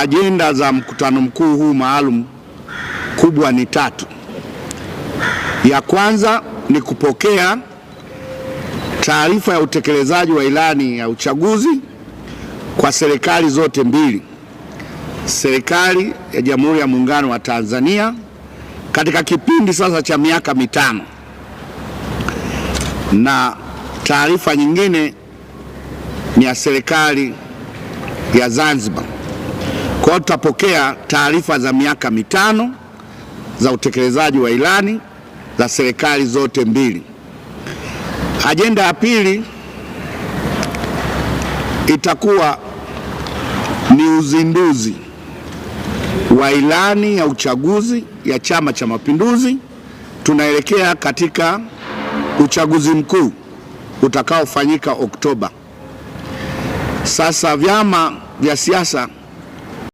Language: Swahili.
Ajenda za mkutano mkuu huu maalum kubwa ni tatu. Ya kwanza ni kupokea taarifa ya utekelezaji wa ilani ya uchaguzi kwa serikali zote mbili, serikali ya Jamhuri ya Muungano wa Tanzania katika kipindi sasa cha miaka mitano, na taarifa nyingine ni ya serikali ya Zanzibar kwa hiyo tutapokea taarifa za miaka mitano za utekelezaji wa ilani za serikali zote mbili. Ajenda ya pili itakuwa ni uzinduzi wa ilani ya uchaguzi ya Chama cha Mapinduzi. Tunaelekea katika uchaguzi mkuu utakaofanyika Oktoba. Sasa vyama vya siasa